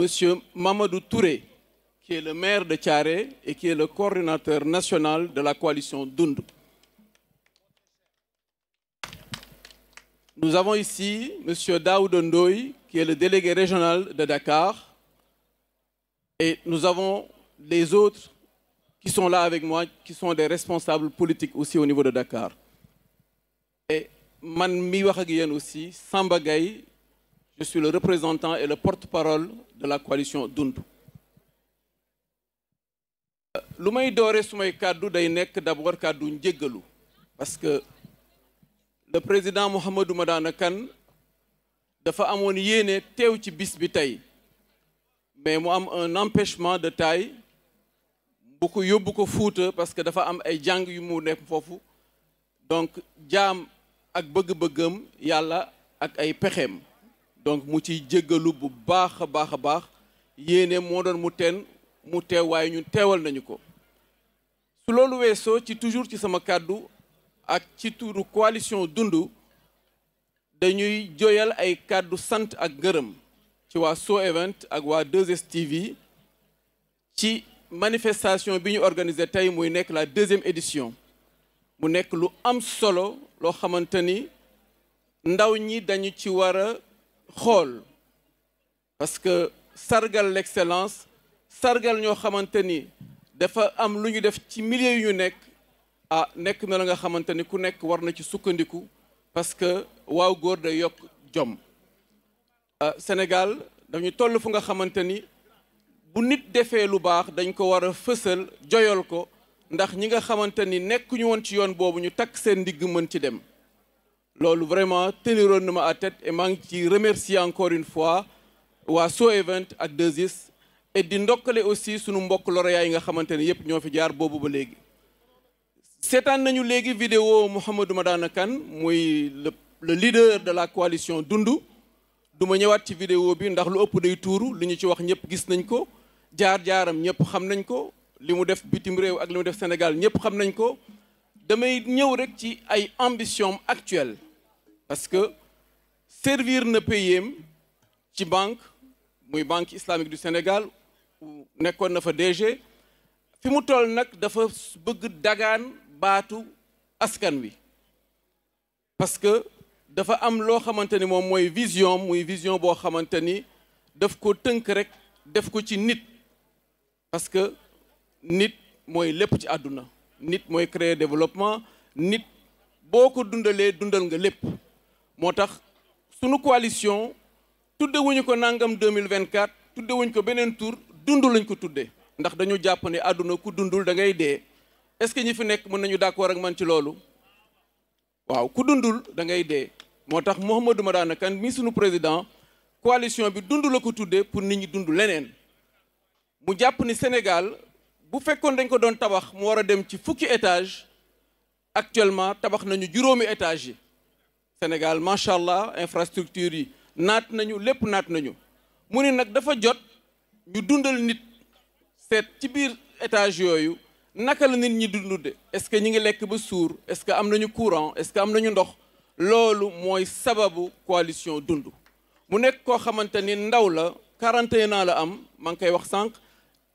Monsieur Mamadou Touré, qui est le maire de Thiaré et qui est le coordinateur national de la coalition Dund. Nous avons ici Monsieur Daoud Ndoye, qui est le délégué régional de Dakar. Et nous avons les autres qui sont là avec moi, qui sont des responsables politiques aussi au niveau de Dakar. Et Man aussi, Samba Gaye, Je suis le représentant et le porte-parole de la coalition Dundu. lu may doore sumay kàddu day nekk d'abord kàddu njéggalu parce que le président Mouhamadou Madana Kane dafa amoon yéene teew ci bis bi tey mais mu am un empêchement de taille bu yóbbu ko fuuta parce que dafa am ay jàng yu mu nekk foofu donc jaam ak bëgg-bëggam yàlla ak ay pexeem donc mu ci jéggalu bu baax a baax a baax yéene moo doon mu teen mu teew waaye ñun teewal nañu ko su loolu weesoo ci toujours ci sama kàddu ak ci turu coalition dund dañuy joyal ay kàddu sant ak gërëm ci waa So Event ak waa 2STV ci manifestation bi ñu organisé tey muy nekk la deuxième édition mu nekk lu am solo loo xamante ndaw ñi dañu ci war xool parce que sargal l'excellence sargal ñoo xamante ni dafa am lu ñu def ci milieu yu ñu nekk ah nekk na la nga xamante ni ku nekk war na ci sukkandiku parce que waaw góor day yokk jom ah, Sénégal dañu toll fu nga xamante ni bu nit defee lu baax dañ ko war a fësal joyal ko ndax ñi nga xamante ni nekkuñu woon ci yoon boobu ñu takk seen ndigg mën ci dem loolu vraiment teniroon na ma à tête et maa ngi ci remercier encore une fois waa So Event ak 2S et di ndokkale aussi sunu mbokk lauréats yi nga xamante ne yëpp ñoo fi jaar boobu ba léegi. seetaan nañu léegi vidéo Mouhamadou Madana Kane muy le le leader de la coalition Dundu du ma ñëwaat ci vidéo bi ndax lu ëpp day tuuru li ñu ci wax ñëpp gis nañ ko jaar-jaaram ñëpp xam nañ ko li mu def bitim réew ak li mu def Sénégal ñëpp xam nañ ko damay ñëw rek ci ay ambition actuelle. parce que servir na payeem ci banque muy banque islamique du Sénégal nekkoon na fa DG fi mu toll nag dafa bëgg dagaan baatu askan wi parce que dafa am loo xamante ni moom mooy vision muy vision boo xamante ni daf ko tënk rek def ko ci nit parce que nit mooy lépp ci àdduna nit mooy créer développement nit boo ko dundalee dundal nga lépp moo tax sunu coalition tuddewuñu ko nangam 2024 tuddewuñ ko beneen tur dundu lañ ko tudde ndax dañu jàpp ne àdduna ku dundul da ngay dee est-ce que ñi fi nekk mën nañu d'accord ak man ci loolu waaw ku dundul da ngay dee moo tax Mouhamadou Madane Kane mi sunu président coalition bi dundu la ko tuddee pour nit ñi dund leneen mu jàpp ni Sénégal bu fekkoon dañ ko doon tabax mu war a dem ci fukki étage actuellement tabax nañu juróomi étage yi Sénégal macha allah infrastructure yi naat nañu lépp naat nañu mu ne nag dafa jot ñu dundal nit seet ci biir étage yooyu naka la nit ñi dundude est-ce que ñi ngi lekk ba suur est-ce que am nañu courant est-ce que am nañu ndox loolu mooy sababu coalition dund mu nekk koo xamante ni ndaw la 41 ans la am maa ngi koy wax sànq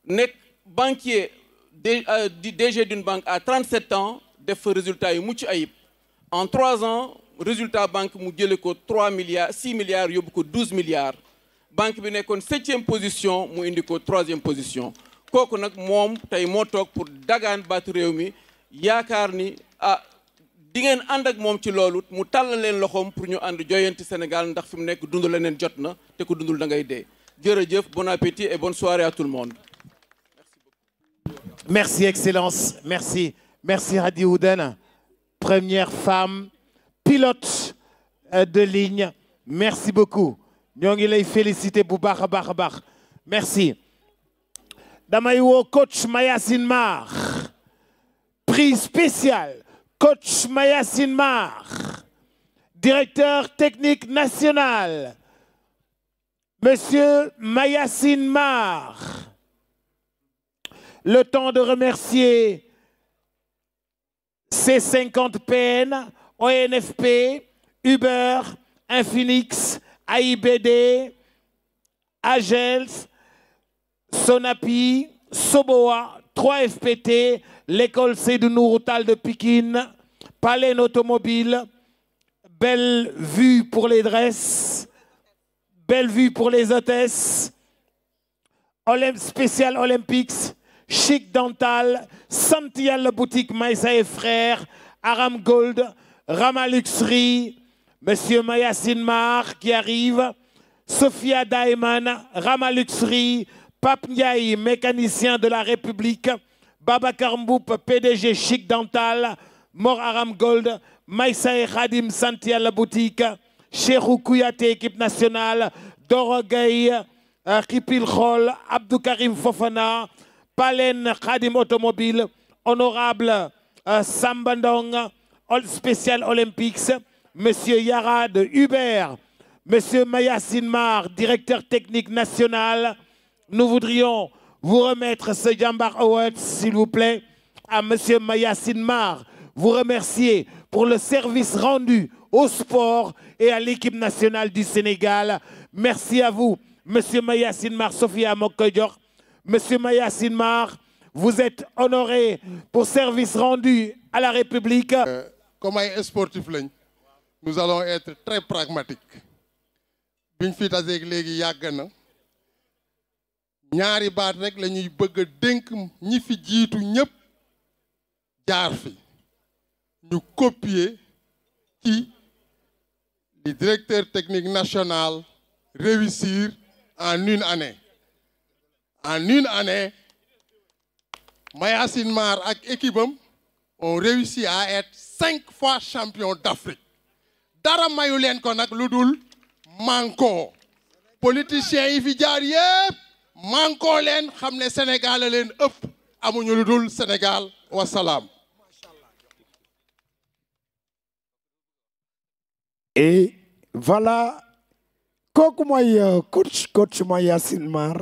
nekk banquier euh, di DG d'une banque à 37 ans def fa résultat yi mucc ayib en trois ans résultat banque mu jëlee ko 3 milliards 6 milliards yóbbu ko 12 milliards banque bi nekkoon septième position mu indi ko troisième position kooku nag moom tey moo toog pour dagaan baatu réew mi yaakaar ni ah di ngeen ànd ak moom ci loolu mu tàllal leen loxoom pour ñu ànd joyanti Sénégal ndax fi mu nekk dund leneen jot na te ku dundul da ngay dee jërëjëf bon appétit et bon soirée à tout le monde. merci excellence merci merci Hadi pilote euh, de ligne merci beaucoup ñoo ngi lay féliciter bu baax a baax a baax merci damay woo coach Mayacine Mar prix spécial coach Mayacine Mar directeur technique national monsieur Mayacine Mar le temps de remercier ces 50 PN ONFP, Uber, Infinix, AIBD, Agels, Sonapi, Soboa, 3FPT, l'école Seydou-Nourou-Tall de Pikine, Palen Automobile, Bellevue pour les dresses, Bellevue pour les hôtesses, Olymp Olympics, Chic Dental, Santial boutique Maïsa et Frères, Aram Gold, Ramaluxri, Monsieur Mayasin Mar qui arrive, Sophia Daiman, Ramaluxri, Pape mécanicien de la République, Baba Karmboup, PDG Chic Dental, Mor Aram Gold, Maïsa Khadim Santi boutique, Cherou Kouyaté, équipe nationale, Dorogay, Kipil euh, Khol, Fofana, Palen Khadim Automobile, Honorable euh, Sambandong, Spécial Olympics, Monsieur Yarad Hubert, Monsieur Maya Sinmar, directeur technique national. Nous voudrions vous remettre ce Jambar Awards, s'il vous plaît, à Monsieur Maya Sinmar. Vous remercier pour le service rendu au sport et à l'équipe nationale du Sénégal. Merci à vous, Monsieur Maya Sinmar, Sophia Mokoyor. Monsieur Maya Sinmar, vous êtes honoré pour service rendu à la République. Euh, comme ay sportif lañ nous allons être très pragmatiques biñ fi taseeg léegi yàgg na ñaari baat rek lañuy ñuy bëgg a dénk ñi fi jiitu ñëpp jaar fi ñu copier ci li directeur technique national réussir en une année en une année Mayacine Mar ak équipe ont réussi à être cinq fois champion d'Afrique dara mayu leen ko nag lu dul manko politiciens yi fi jaar yëpp manko leen xam ne Sénégal la leen ëpp amuñu lu dul Sénégal wasalaam et voilà kooku mooy euh, coach mooy Yacine Mar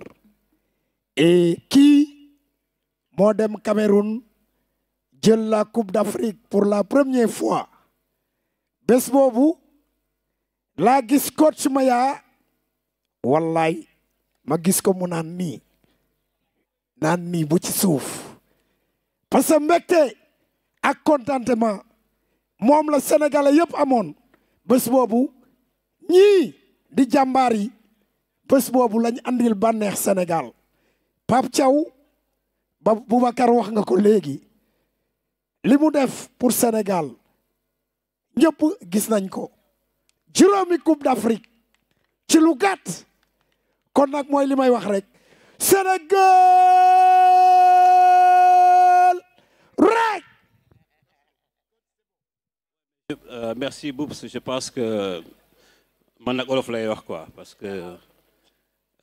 et kii moo dem Cameroun jël la coupe d'Afrique pour la première fois bés boobu laa gis coach Maya wallaay ma gis ko mu naan nii naan nii bu ci suuf parce que mbégte ak contentement moom la sénégalais yëpp amoon bés boobu ñii di jàmbaar yi bés boobu lañu andil bànneex Sénégal Pape caw ba Boubacar wax nga ko léegi li mu def pour Sénégal ñëpp gis nañ ko juróomi coupe d'Afrique ci lu gàtt kon nag mooy li may wax rek Sénégal rek. Euh, merci Boubs je pense que man nag olof lay wax quoi parce que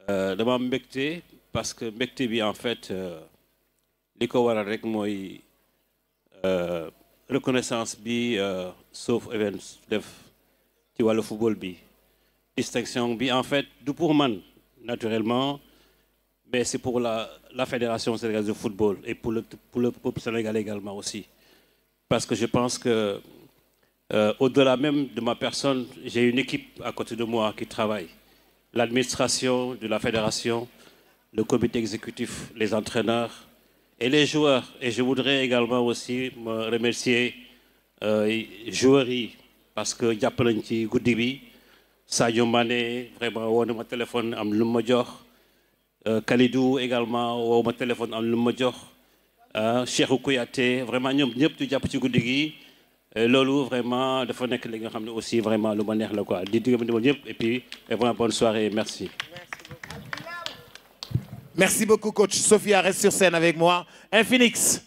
euh, dama mbégte parce que mbégte bi en fait euh, li ko waral rek mooy. Euh, reconnaissance bi euh, Soph Evans def ci wàllu football bi distinction bi en fait du pour man naturellement mais c'est pour la la fédération sénégalaise de football et pour le pour également aussi parce que je pense que euh, au-delà même de ma personne j'ai une équipe à côté de moi qui travaille l'administration de la fédération le comité exécutif les entraîneurs et les joueurs. Et je voudrais également aussi me remercier euh, yi parce que jàpp nañ ci guddi bi Sadio Mané vraiment woo na ma téléphone am lu ma jox euh, Kalidou également woo ma téléphone am lu ma jox euh, Cheikhou Kouyaté vraiment ñoom ñëpp ñu jàpp ci guddi gi loolu vraiment dafa nekk li nga xam ne aussi vraiment lu ma neex la quoi di diggante ñëpp et puis vraiment bonne soirée merci Merci beaucoup, coach. Sophia, reste sur scène avec moi. Infinix.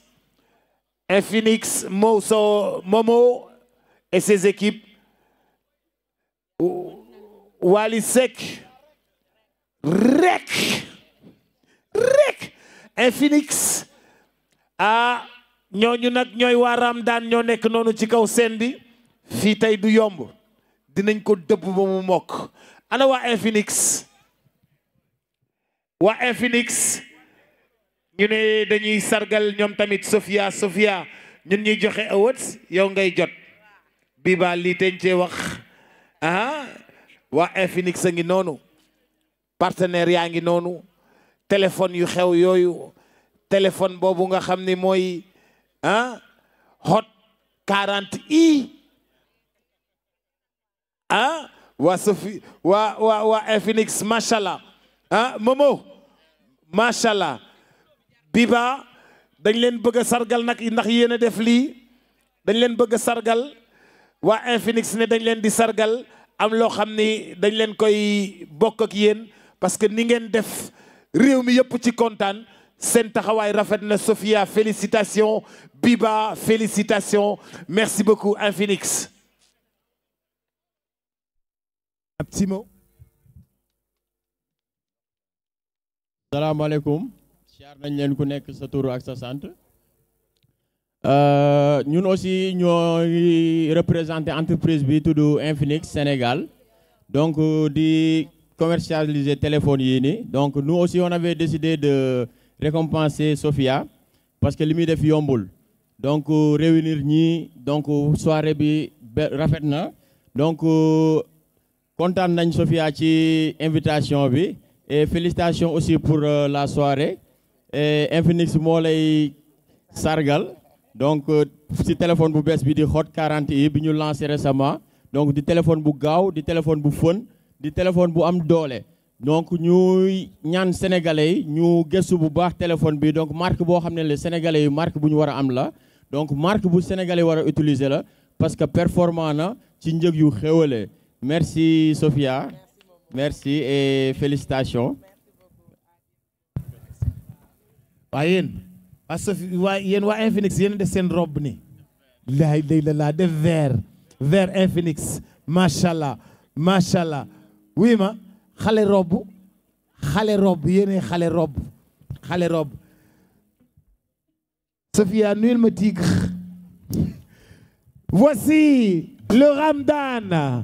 Infinix, Moso, Momo et ses équipes. Walisek. Rek. Rek. Infinix. ah ñooñu nag ñooy waa Ramdaan ñoo nekk noonu ci kaw scène bi. fii tey du yomb. dinañ ko dëbb ba mu mokk. ana waa Infinix. waa Infinix ñu ne dañuy sargal ñoom tamit Sofia Sofia ñun ñuy joxe awards yow ngay jot bii lii teñ cee wax ah waa Infinix a ngi noonu partenaire yaa ngi noonu téléphone yu xew yooyu téléphone boobu nga xam ni mooy ah hot 40 i ah waa Sophie waa waa waa Infinix macha ah Momo macha allah Biba dañ leen bëgg a sargal nag ndax yéen a def lii dañ leen bëgg a sargal waa Infinix ne dañ leen di sargal am loo xam ni dañ leen koy bokk ak yéen parce que ni ngeen def réew mi yëpp ci kontaan seen taxawaay rafet na Sofia félicitations Biba félicitations merci beaucoup Infinix. Un petit salaamaaleykum siyaar nañ leen ku nekk sa tur ak sa sant euh, ñun aussi ñoo ngi entreprise bi tudd Infinix Sénégal donc euh, di commercialiser téléphone yii nii donc nous aussi on avait décidé de récompenser Sofia parce que li muy def yombul donc euh, réunir ñii donc soirée bi rafet na donc kontaan nañ Sofia ci invitation bi et aussi pour euh, la soirée et Infinix moo lay sargal donc euh, si téléphone bu bees bi di Hot 40 yi bi ñu lancé récemment donc di téléphone bu gaaw di téléphone bu fën di téléphone bu am doole donc ñuy ñaan sénégalais yi ñu gëstu bu baax téléphone bi donc marque boo xam ne le sénégalais yi bu ñu war a am la donc marque bu sénégalais war a utiliser la parce que performant na ci njëg yu xéwalee merci Sophia merci et waa yéen waa waa yéen waa Infinix yéen def seen robe ni laay lay la laa def ver vert Infinix macha allah macha allah oui ma xale rob xale robe yéen xale robe xale robe Sophia nuyul ma tigre voici le Ramdan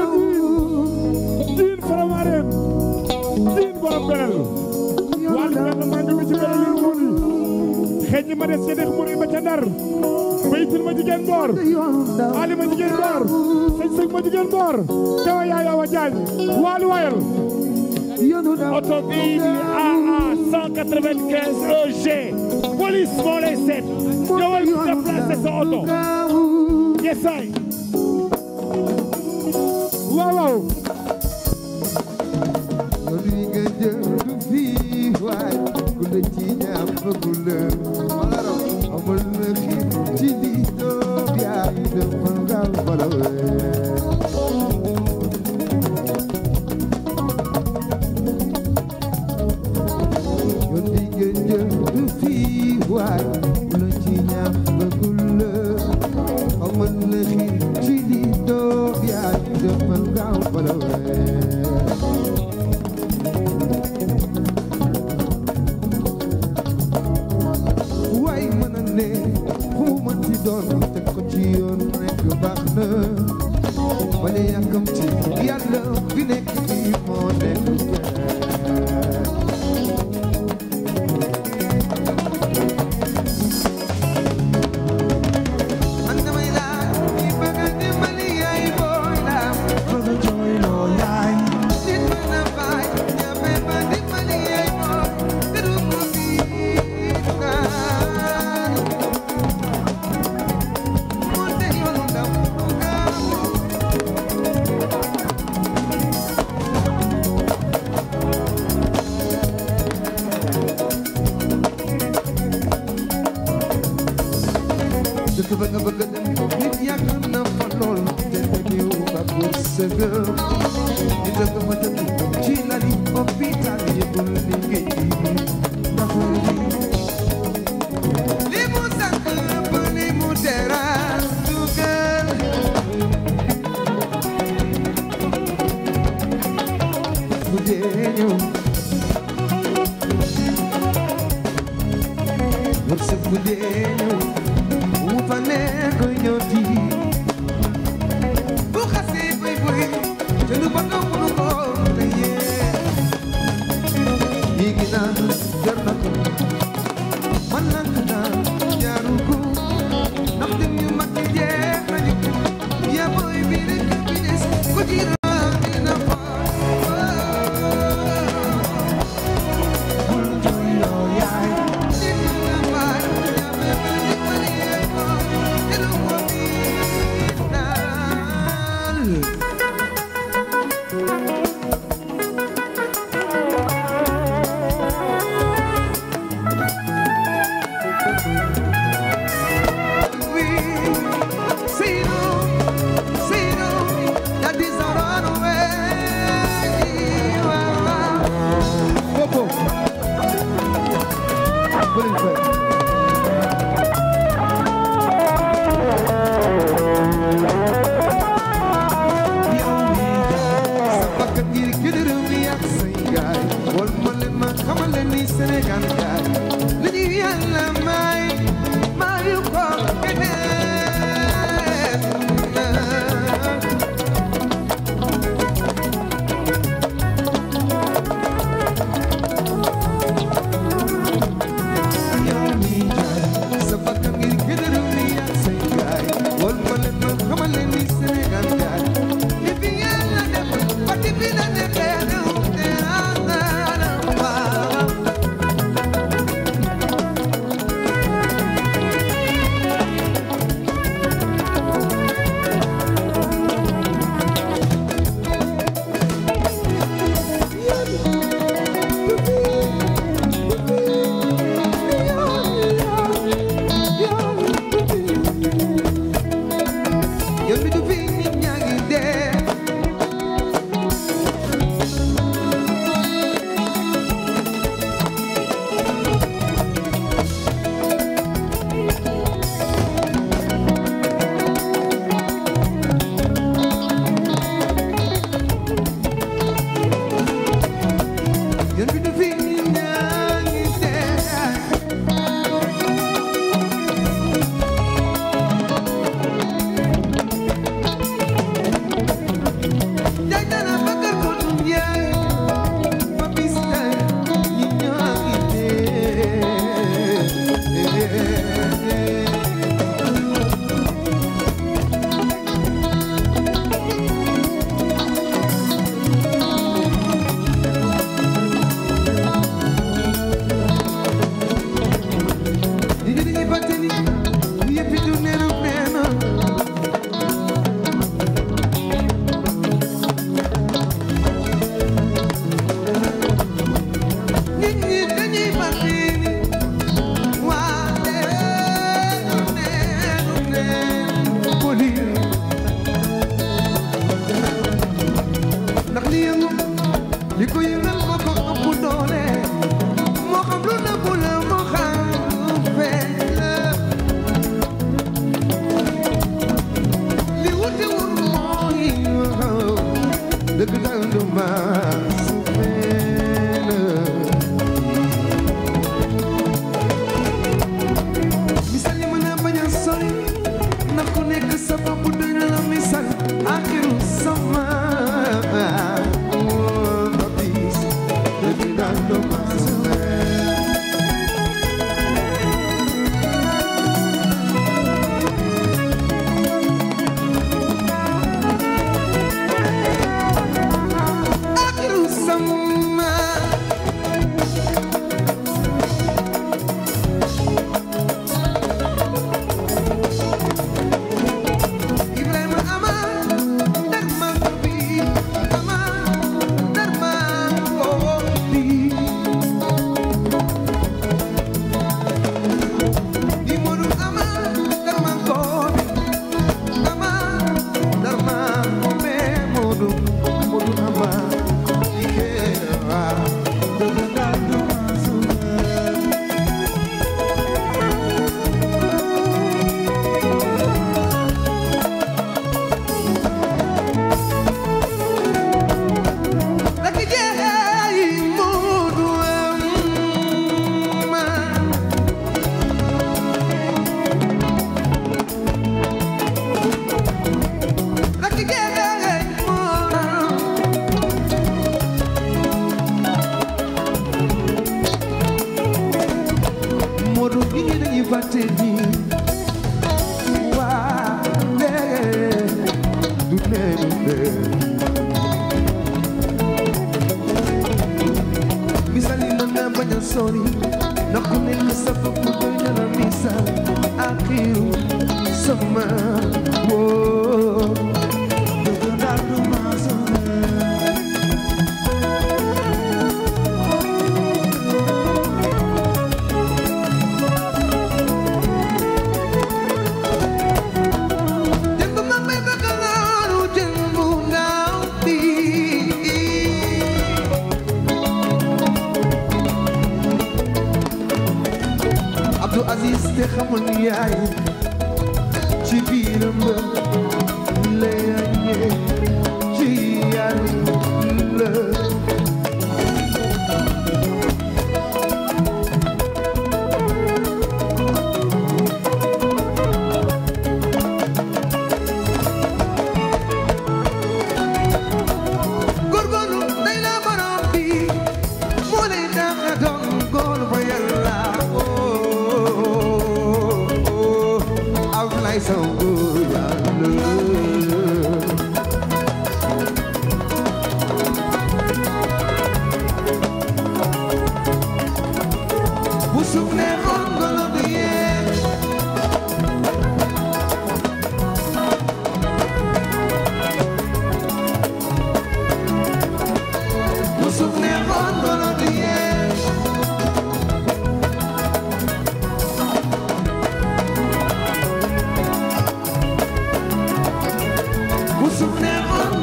xëy na ma des ca dex mu rëy ba ca ndar baytil ma jigéen boor ali ma jigéen boor sëñ ma jigéen boor tewa yaay awa jaañ waali wayal oto bii di AA 195 EG police moo lay seet ñëwal ñu déplacé sa oto yesaay waaw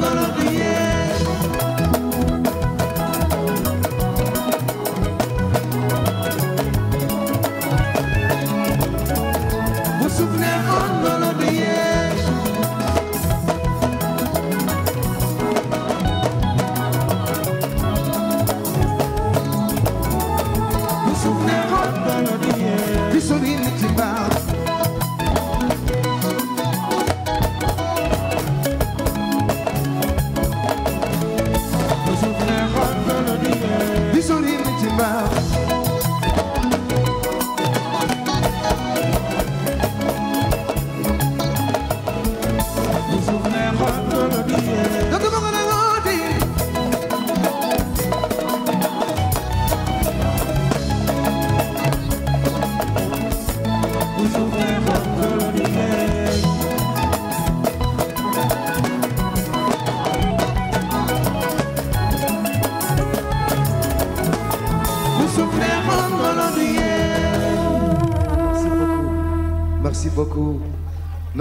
gonna be here.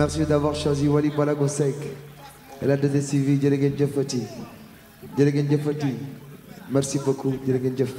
merci d'avoir choisi Wally Balago Seck et la 2STV gén ngeen jëfati jërë ngeen jëfati merci beaucoup jërë ngeen jëf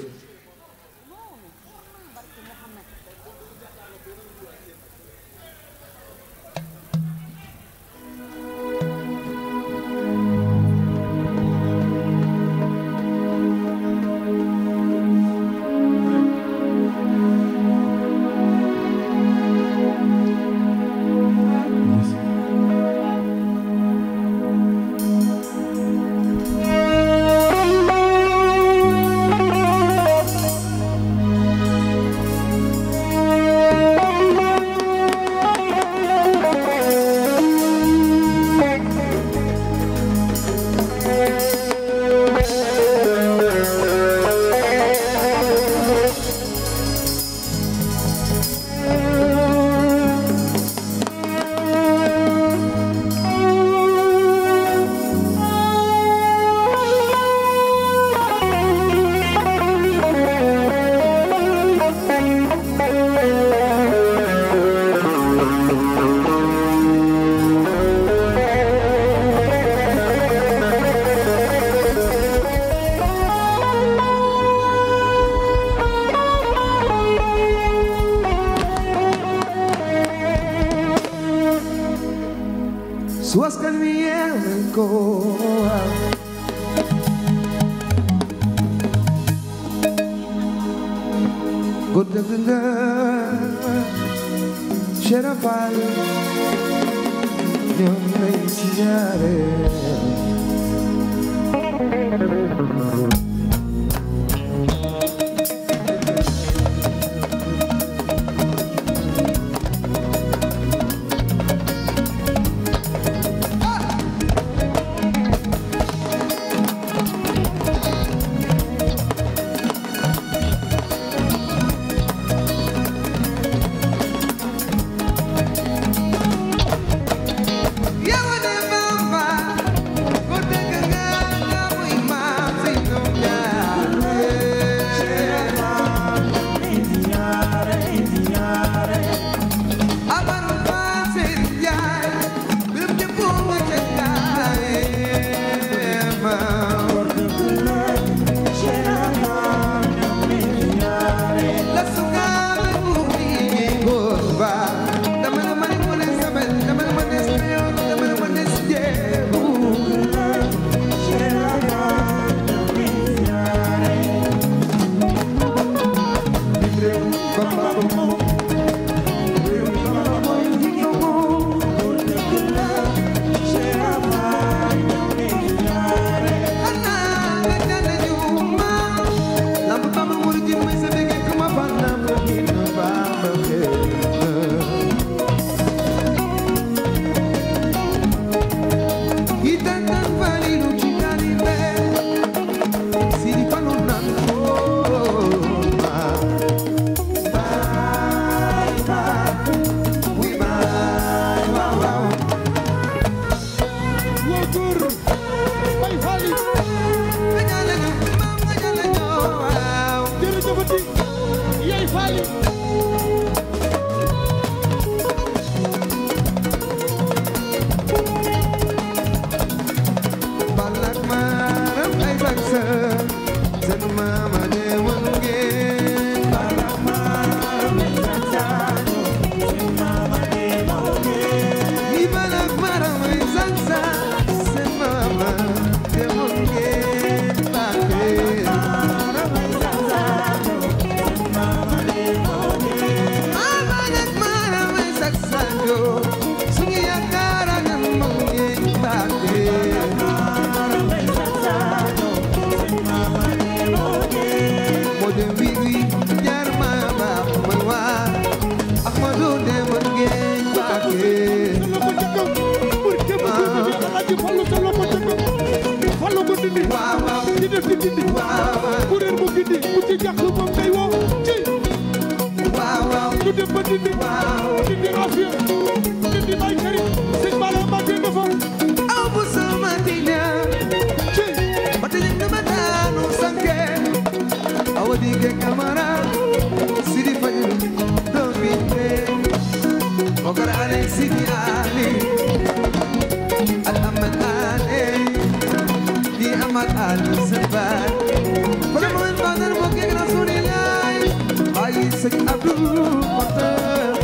sëñ Abdou Mokhtar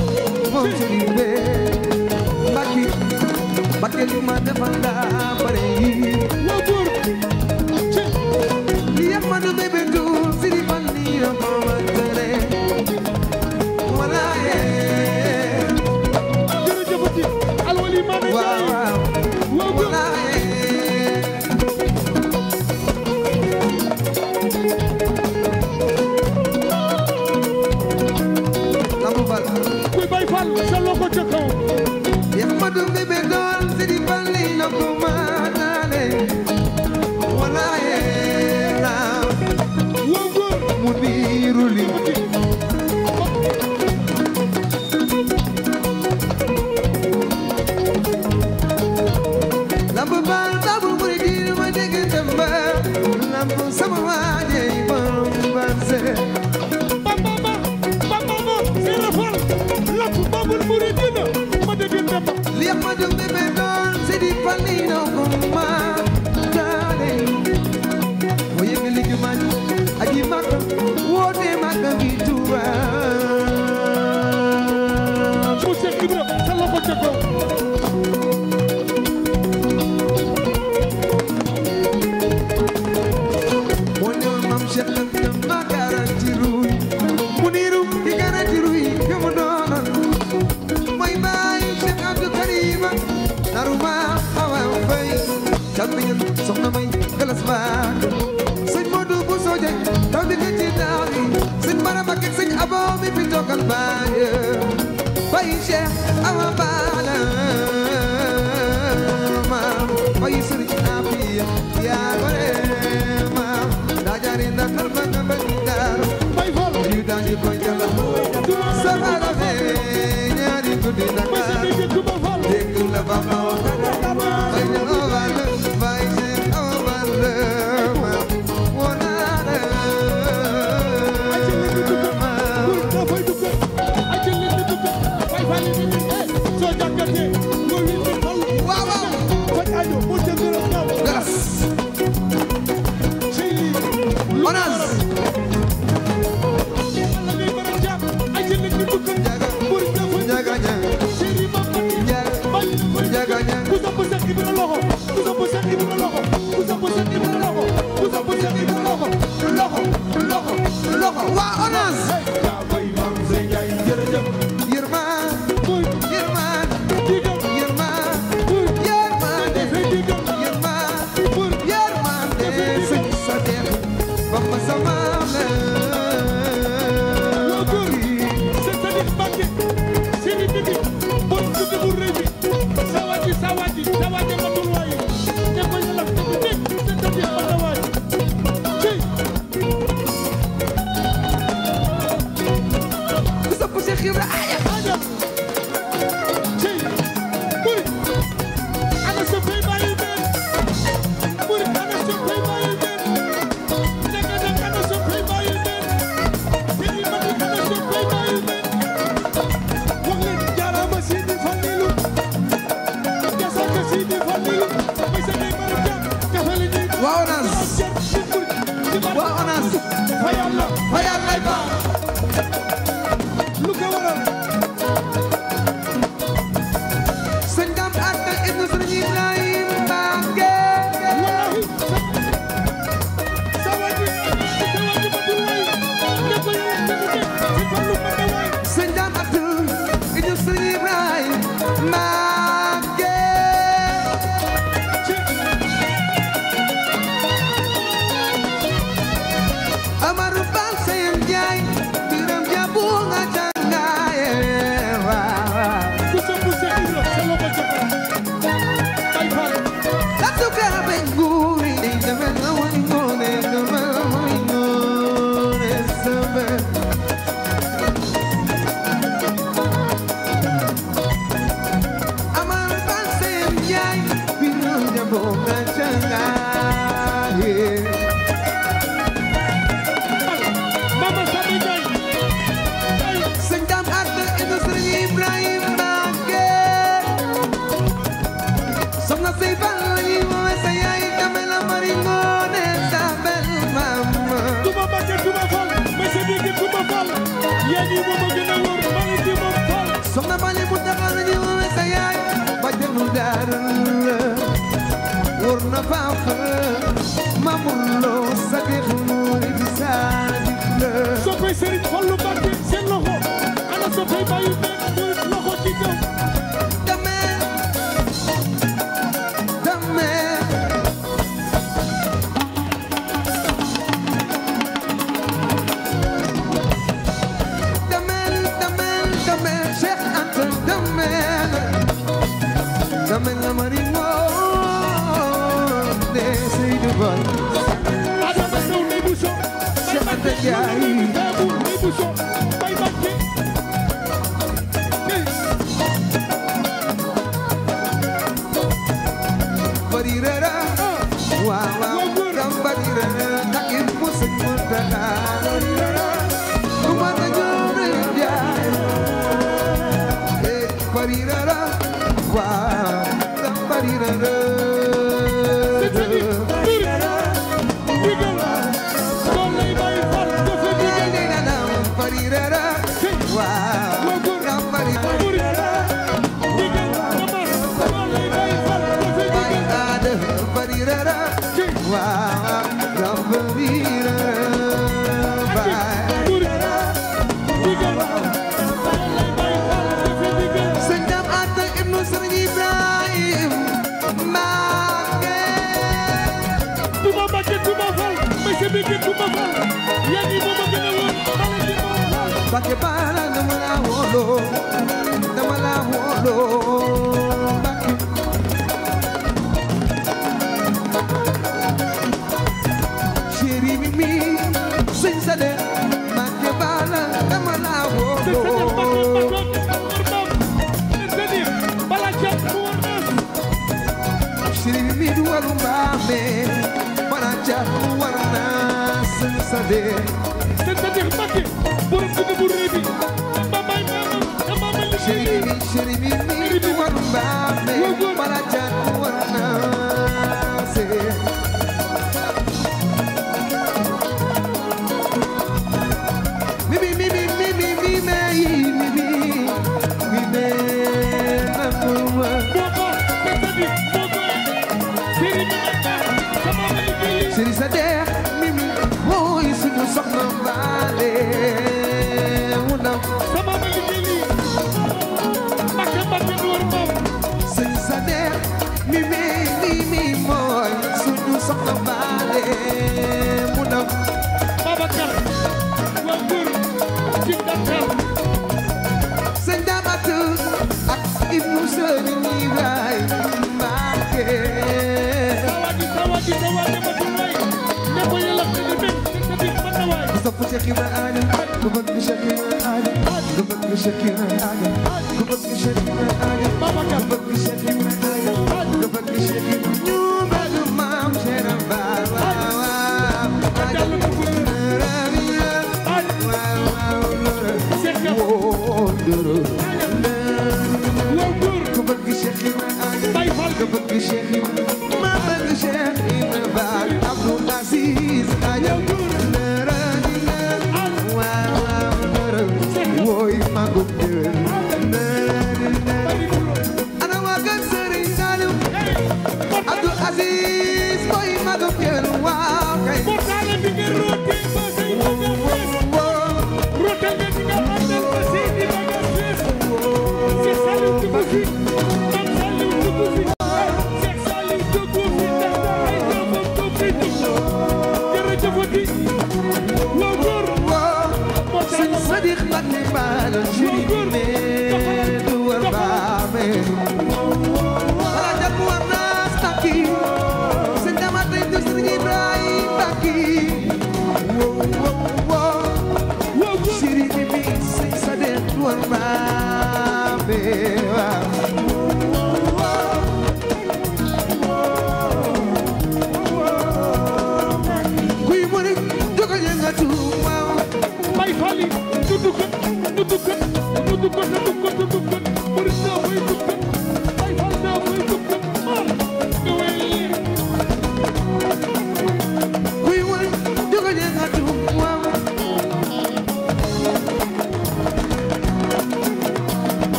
moom sëriñ bi Mbàkke Mbàkke li ma defal acompanha. Vai enxergar. Bakebara dama la wolo dama la wolo saber Go back to Shakira Adam. Go back to Shakira Adam. Go back to Shakira Adam.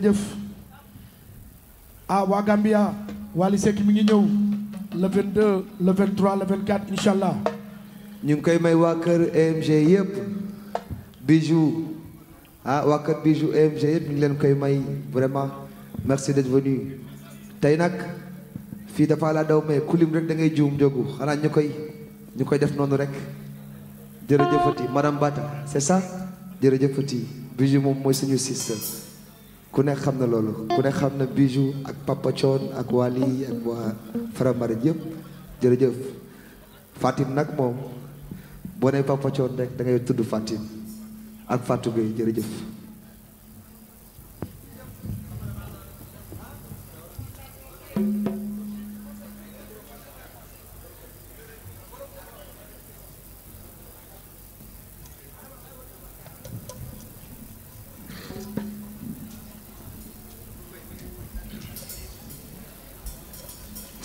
jërëjëf ah waa Gambia Wally Seck mi ngi ñëw le 22 le 23 allah. ñu ngi koy may waa kër EMG yëpp bijou ah waa kër bijou EMG yëpp ñu leen koy may vraiment merci d'être venu tey nag fii dafa laa daw mais kulim rek da ngay juum jógu xanaa ñu koy ñu koy def noonu rek jërëjëfati madame Bata c'est ça jërëjëfati bijou moom mooy suñu sister ku ne xam na loolu ku ne xam na bijou ak Papa Thion ak Wali ak waa Faramaren yëpp jërëjëf Fatim nag moom boo nee Papa Thion rek da ngay tudd Fatim ak Fatou Gueye jërëjëf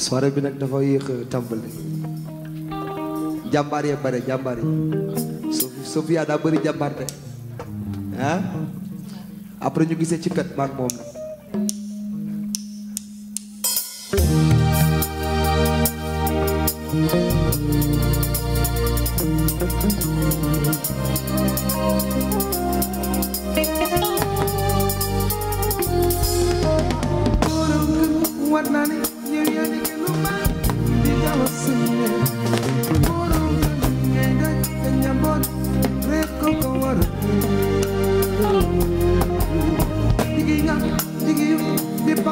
soirée bi nag dafa yéex a tàmbali jàmbaar yee bare jàmbaar yi Sophie Sophie yaa daa bëri jàmbaar de après ñu gisee ci pet maak moom nag What nanny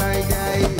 Gay Gay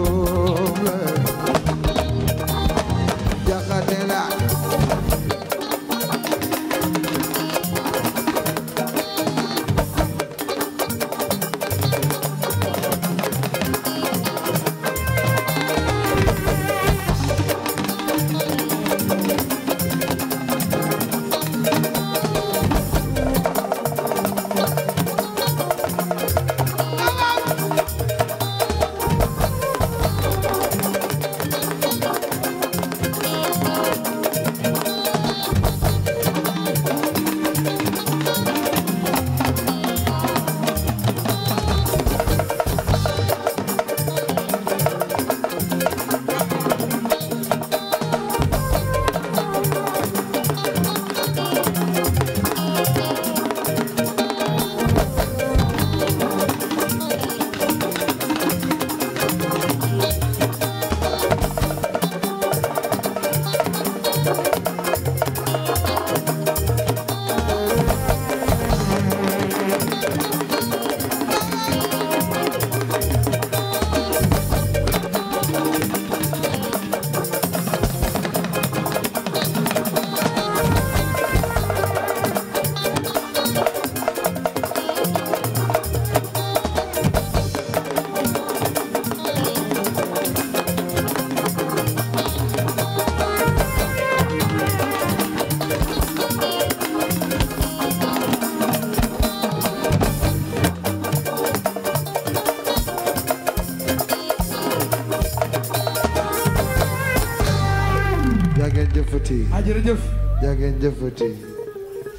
jëfati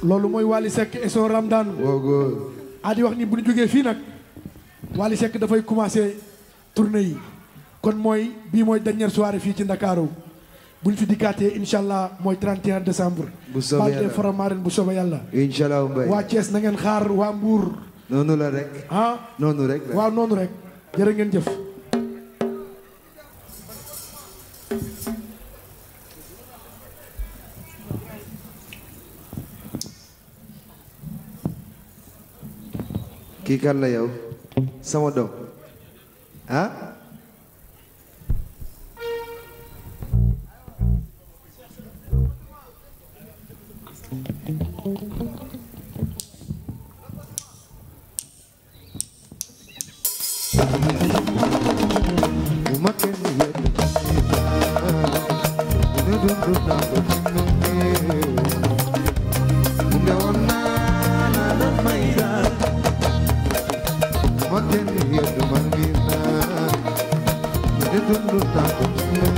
loolu mooy Wally Seck et son Ramadan oh, wax ni bu ñu jógee fii nag Wally Seck dafay commencé tournée yi kon mooy bii mooy dernière soirée fii ci Ndakaaru bu ñu fi dikkaatee incha allah mooy 31 décembre bu soobee yàlla Faramaren bu soobee yàlla incha waa Thiès na ngeen xaar waa mbuur noonu la rek ah noonu rek waaw noonu ngeen jëf kii kan la yow sama doom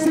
si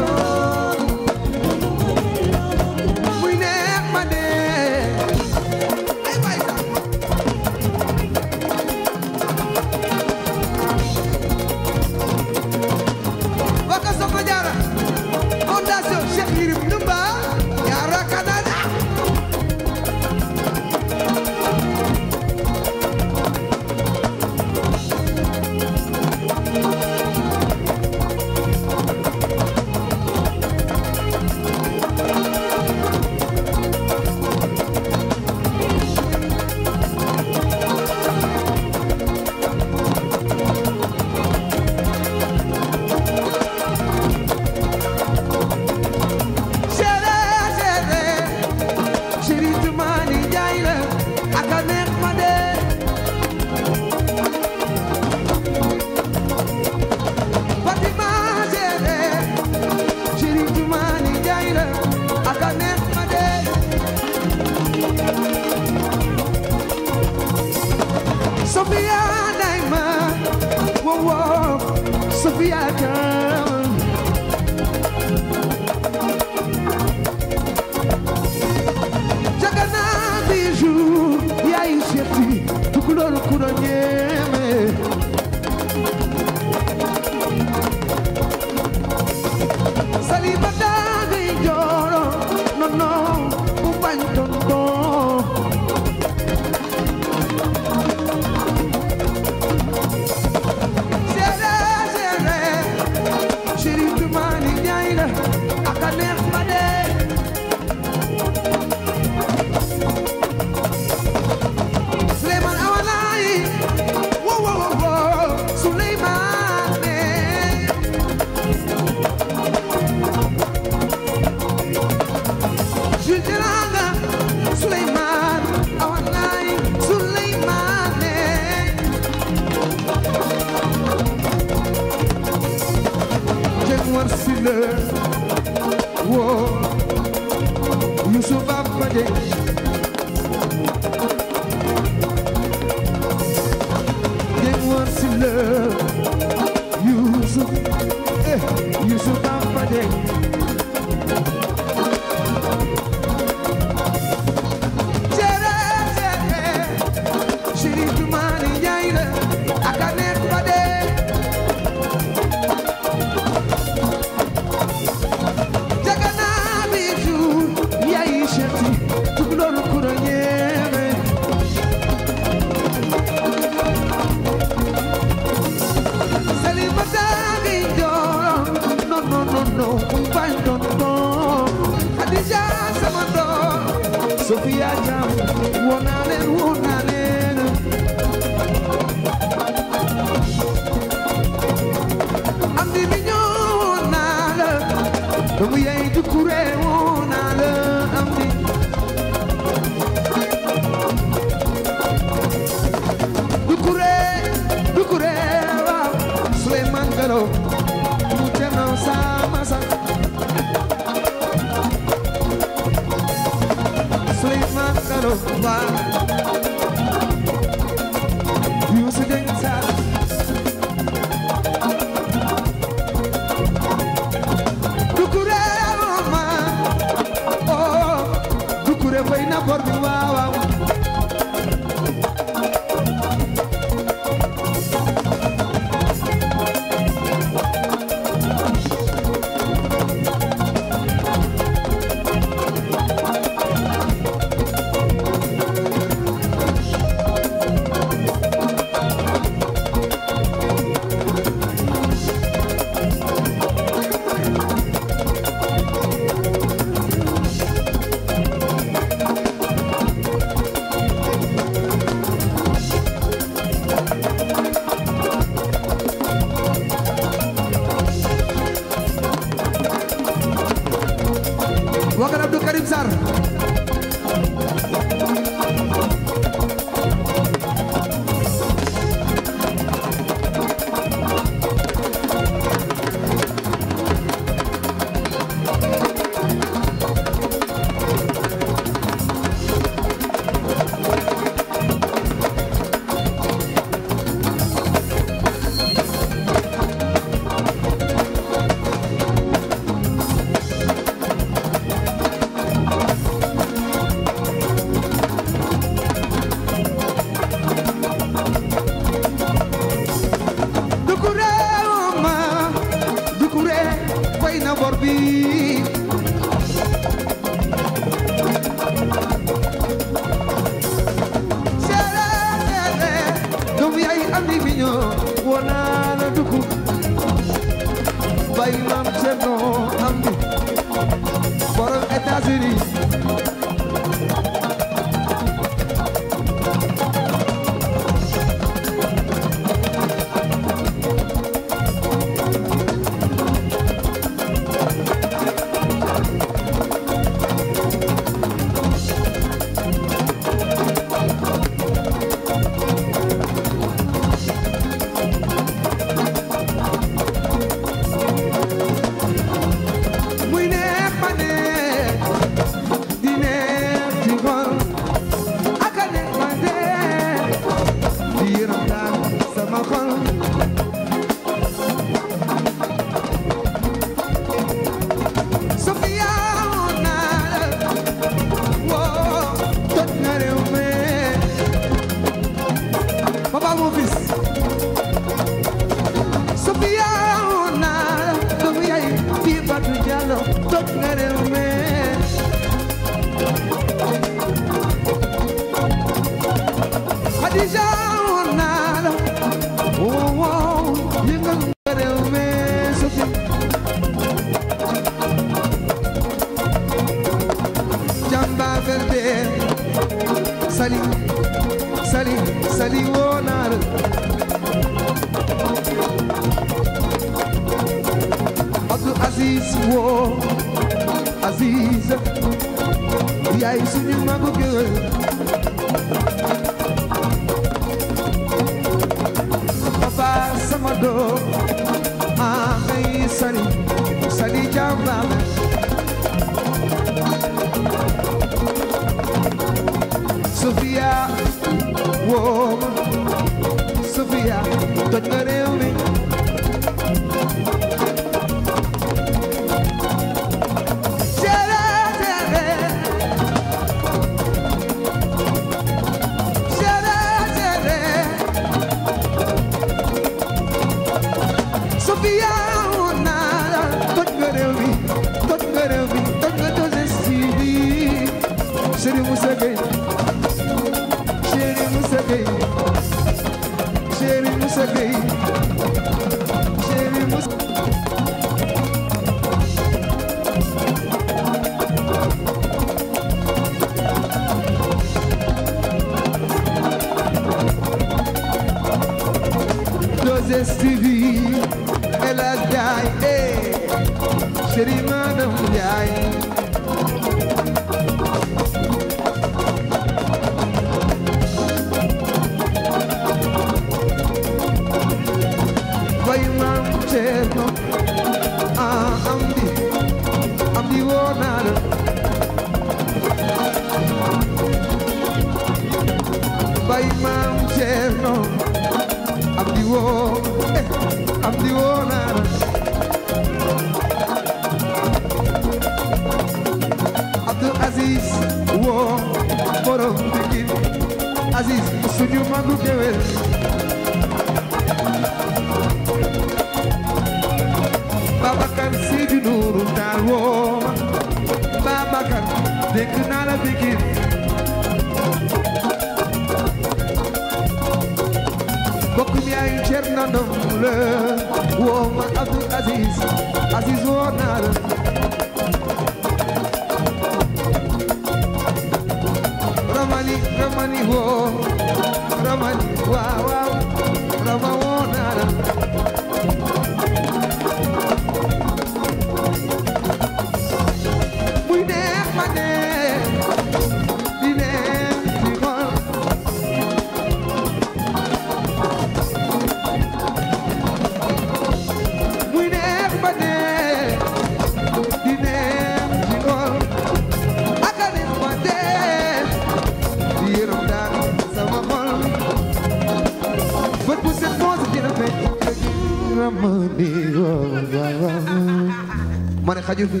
xaju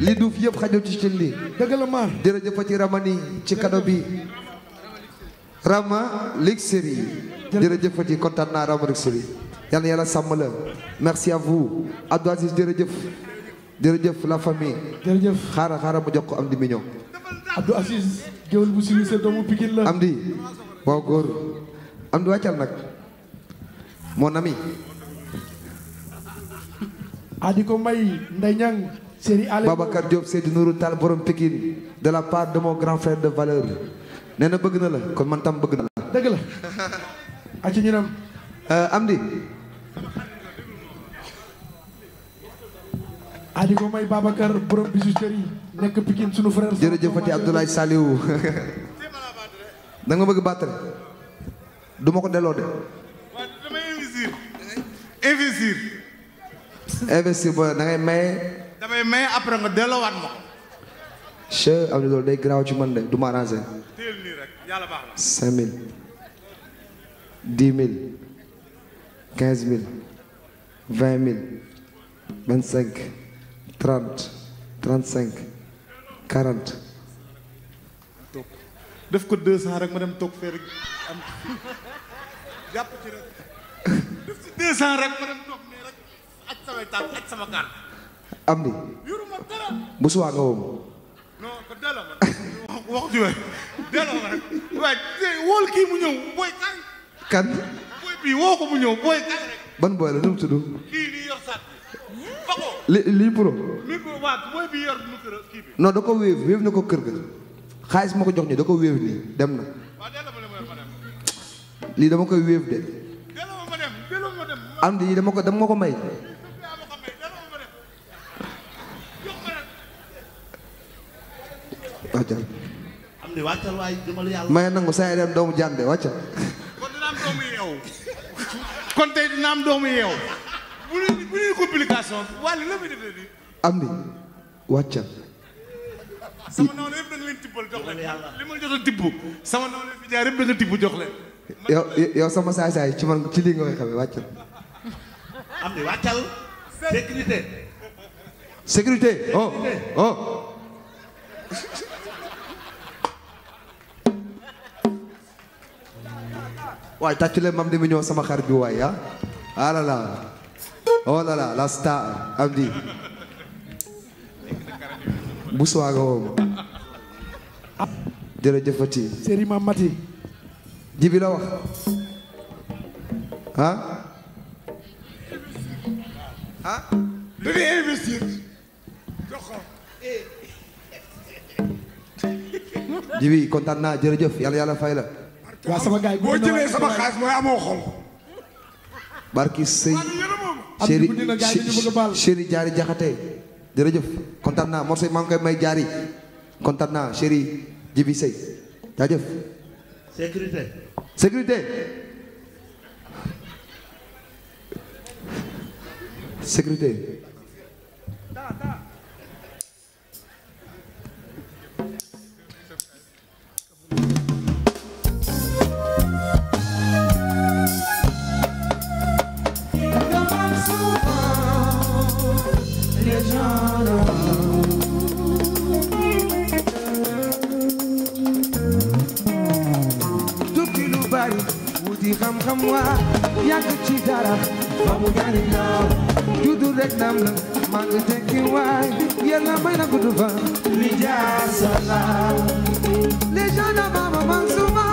li duuf yëpp xaju ci cin li dëgg la ma jërëjëfati ramani ci kado bi rama lig jërëjëfati kontaan naa rama lig séri yal sàmm la merci à vous Abdou jërëjëf jërëjëf la famille jërëjëf xaaral xaaral mu jox ko am di mi ñëw Abdou géwél bu siwi sa doomu Pikine la am di waaw góor am di wàccal nag mon ami a ah, ko may Ndeye Niang Serigne Allé Babacar Diop Seydou Nourou Tall borom Pikine de la part de mon grand frère de valeur nee na bëgg na la kon man tam bëgg na la dëgg la a ci ñu nam euh, Amdi a ah, di ko may Babacar borom bisu Serigne nekk Pikine sunu frère jërëjëfati Abdoulaye Saliou da nga bëgg battre du ko delloo de investir ba da ngay maye. damay maye après nga delloowaat ma ko. che am na loolu day garaaw ci man de du ma arrangé. téel cinq mille dix mille quinze mille vingt mille vingt cinq trente cinq quarante. def ko deux cent rek ma dem toog fee am aj samay tànk aj sama gaan am di yuruma dara nga woo ma booy bii woo ko mu ñëw booy kañ rek ban booy la nu mu tudd li lii pro mi da ko wéef wéef na ko kër ga xaalis ma ko jox ñu da ko wéef nii dem na lii dama koy wéef de am di dama ko dama ko may wàccal am di wàccal waaye jëmal yàlla nangu saa yi doomu jànde wàccal kon dina doomu yeew kon doomu yeew bu ñu bu ñu ma jot a oh, oh. waay tàccu leen Mame Deme ñëw sama xarit bi waay ah. ah là là la oh, star am di bu suwaaga woowu. jërëjëfati. Serigne Mame Mati. jibi wax ah. jibi kontaan naa jërëjëf yàlla yàlla fay la. waa sama gars yi boo jëlee sama xaalis mooy amoo xol. barki sëy chéri chéri jaari jaxate jërëjëf kontaan naa morceau maa koy may jaari kontaan naa chéri jibi sëy jaajëf sécurité sécurité sécurité xam-xam waa ci dara xamu ñaari naaw juddu rek naam la maa ngi tekki waay may na gudd fa li jaasa la les Baba Mansouma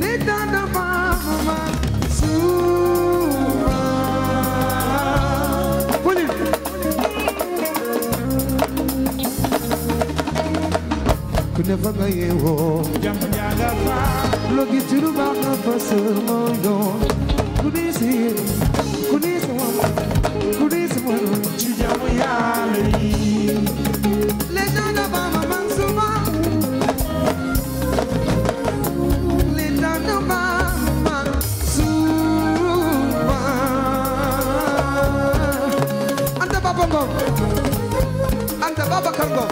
les gens de Baba Mansouma buni ku ne fa nga Look back no personal go Kunisi Kunisi mo Kunisi mo Chijamu yale Legenda bama mansuma Legenda bama mansuma Anta baba ngo Anta baba kargo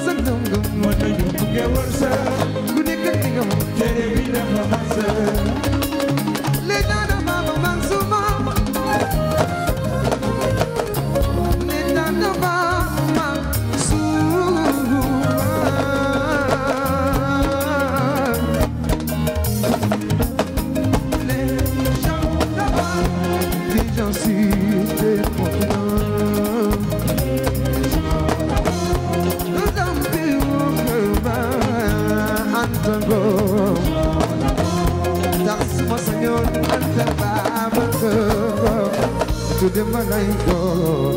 wërsëg gëm gëm moo tax ñu buggee wërsëg ku nekk li nga moom tere bi dafa xasa de ma lay booloo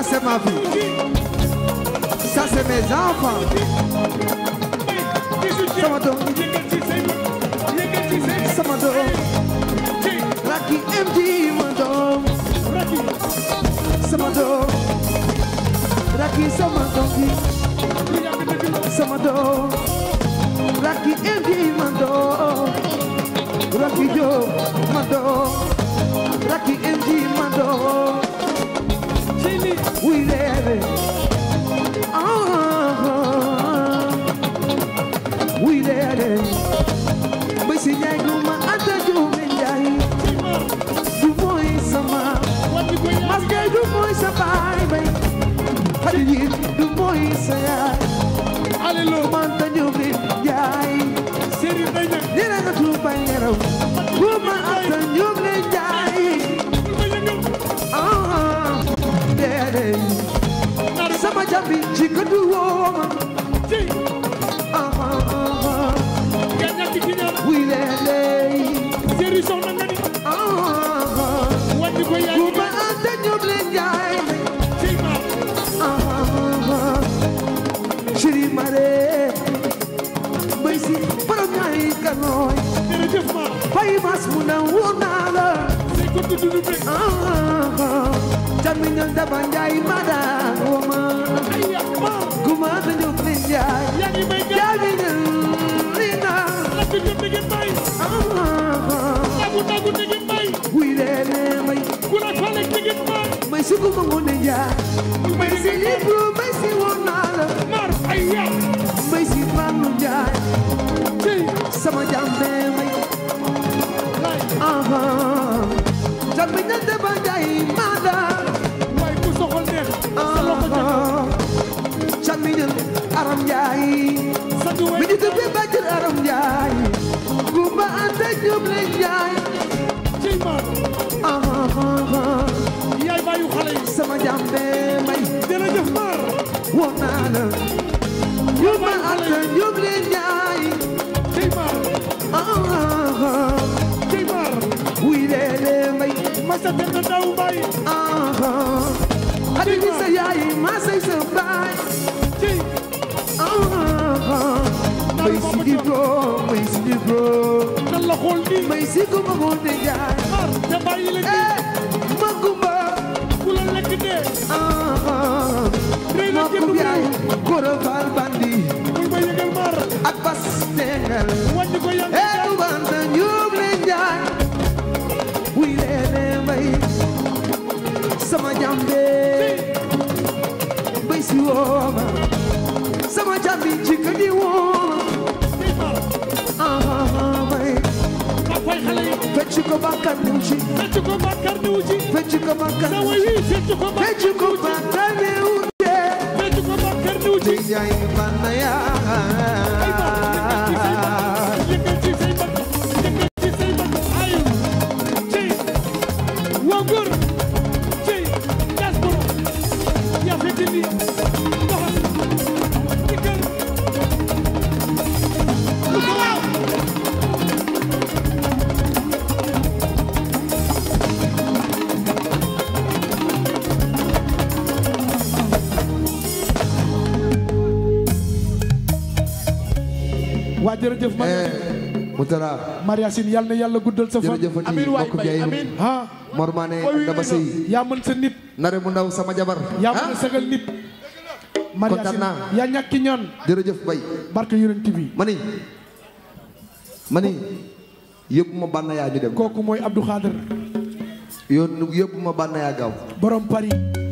Ça, c'est ma vie. Ça, c'est mes enfants. sama doom sama doom Racky MD ma doom sama doom Racky sama doom sama doom Racky MD ma doom Racky Diop ma doom wuy le a dem bay si njaay guma anta juume njaay du mooy sama mas njaay du mooy sa baay bay xale yi du mooy sa yaay ale loo manta juume njaay nira nga tuubay neraw guma anta juume njaay ah le a dem sama jambi ci këddu fas mu ne wóor naa la. Ah, ah, ah. jaminal daba njaay mada woma. guma dañu fi njaay. jaminal li na. wuy leele may. may si guma ngoone njaay. may si libro may si wóor naa la. may si fanu njaay. sama jambe. Aram Njaay Kumba Anta Jóob la Njaay sa dëkk daw mbay xarit bi sa yaay ma say sa baay ci may si di uh-huh. go may si di go la xool ni may si ko ma xool ne jaay mar te bàyyi la ni ma gumba ku la lekk dee ma ko yaay goro faal ba fecc ko bàkkaar ñëw ci. fecc ko bàkkaar ñëw ci. fecc ko bàkkaar ñëw ci. fecc ko bàkkaar ñëw ci. fecc ko bàkkaar ñëw ci. jërëjëf Moutara eh, Maria Sine yal na yàlla guddal sa fan amiin waay bay amiin ah Mor yaa mën sa nit nare mu ndaw sama jabar yaa mën a sagal nit Maria Sine yaa ñàkki ñoon jërëjëf bay barke yonent bi ma ni yëpp ma bànn yaa ñu dem kooku mooy Abdou Khader yoon yëpp ma bànn yaa gaaw borom Paris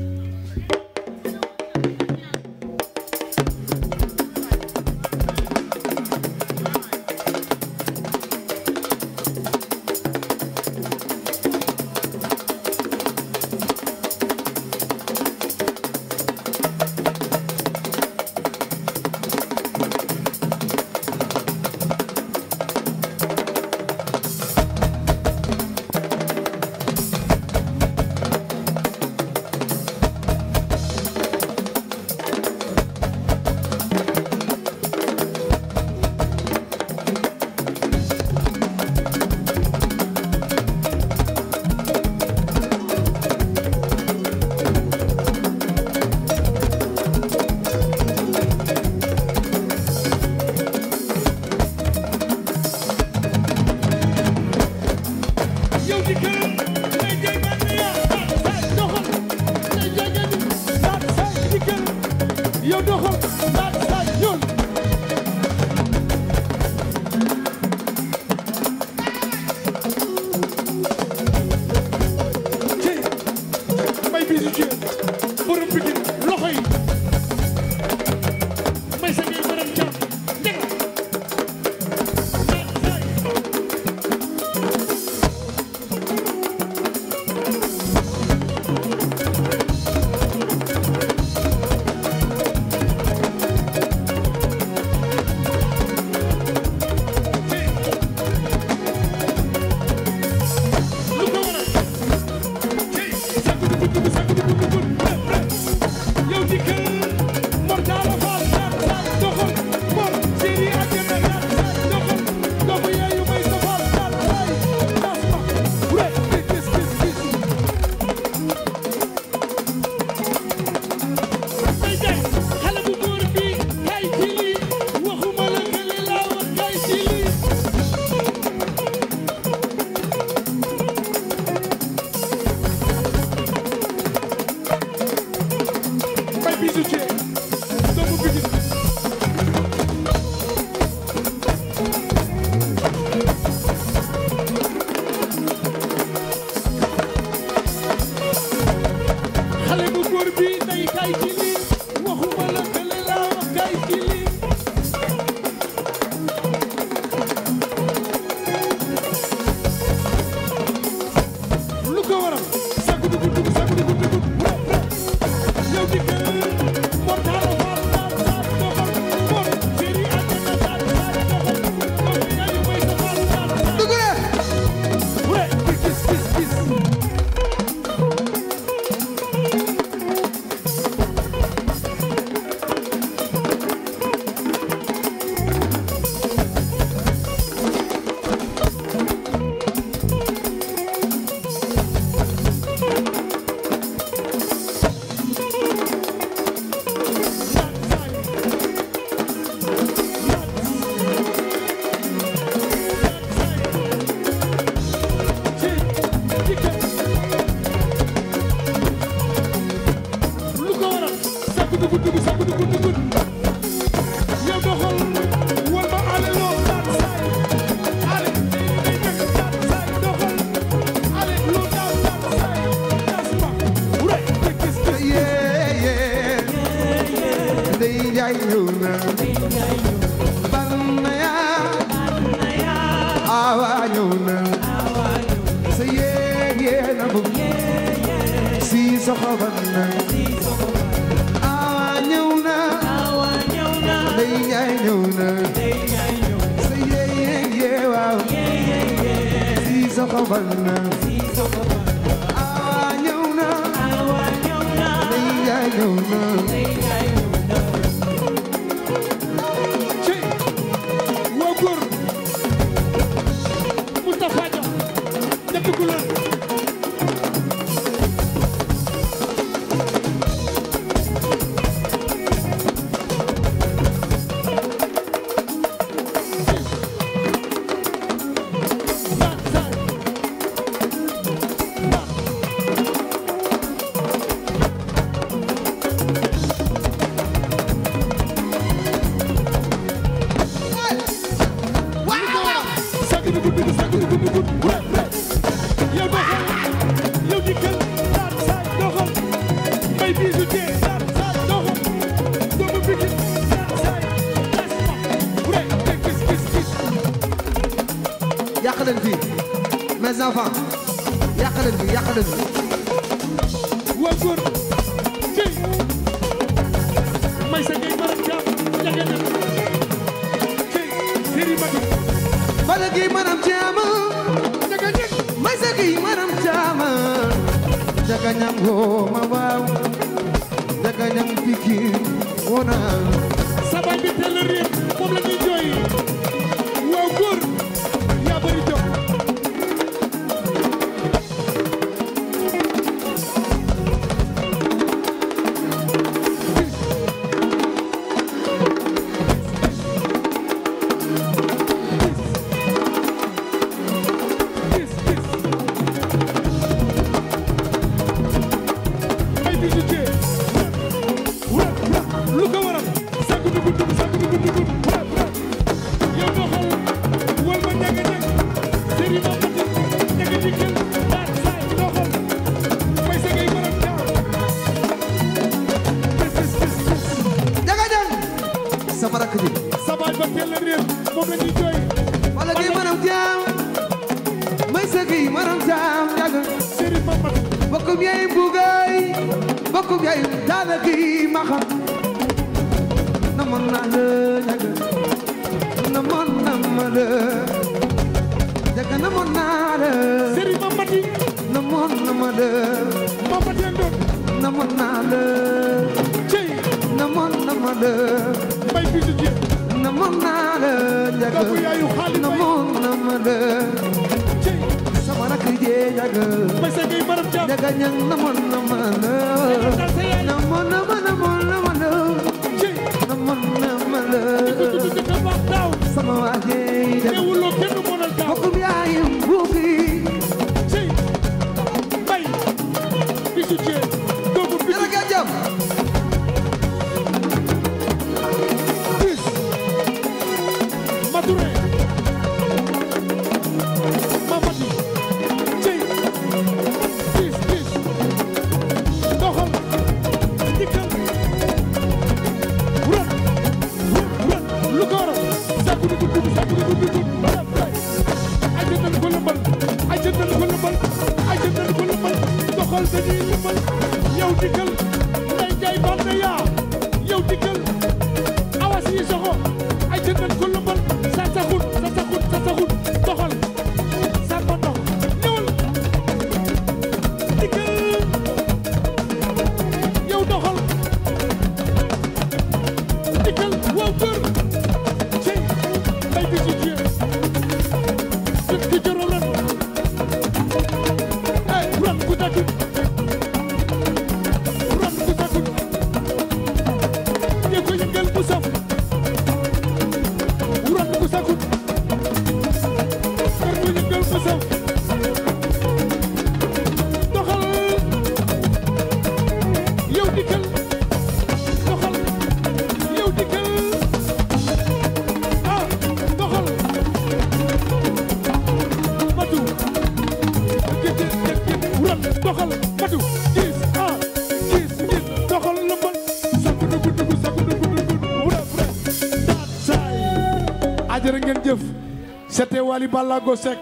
Wally Ballago Seck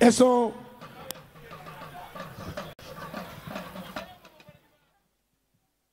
et son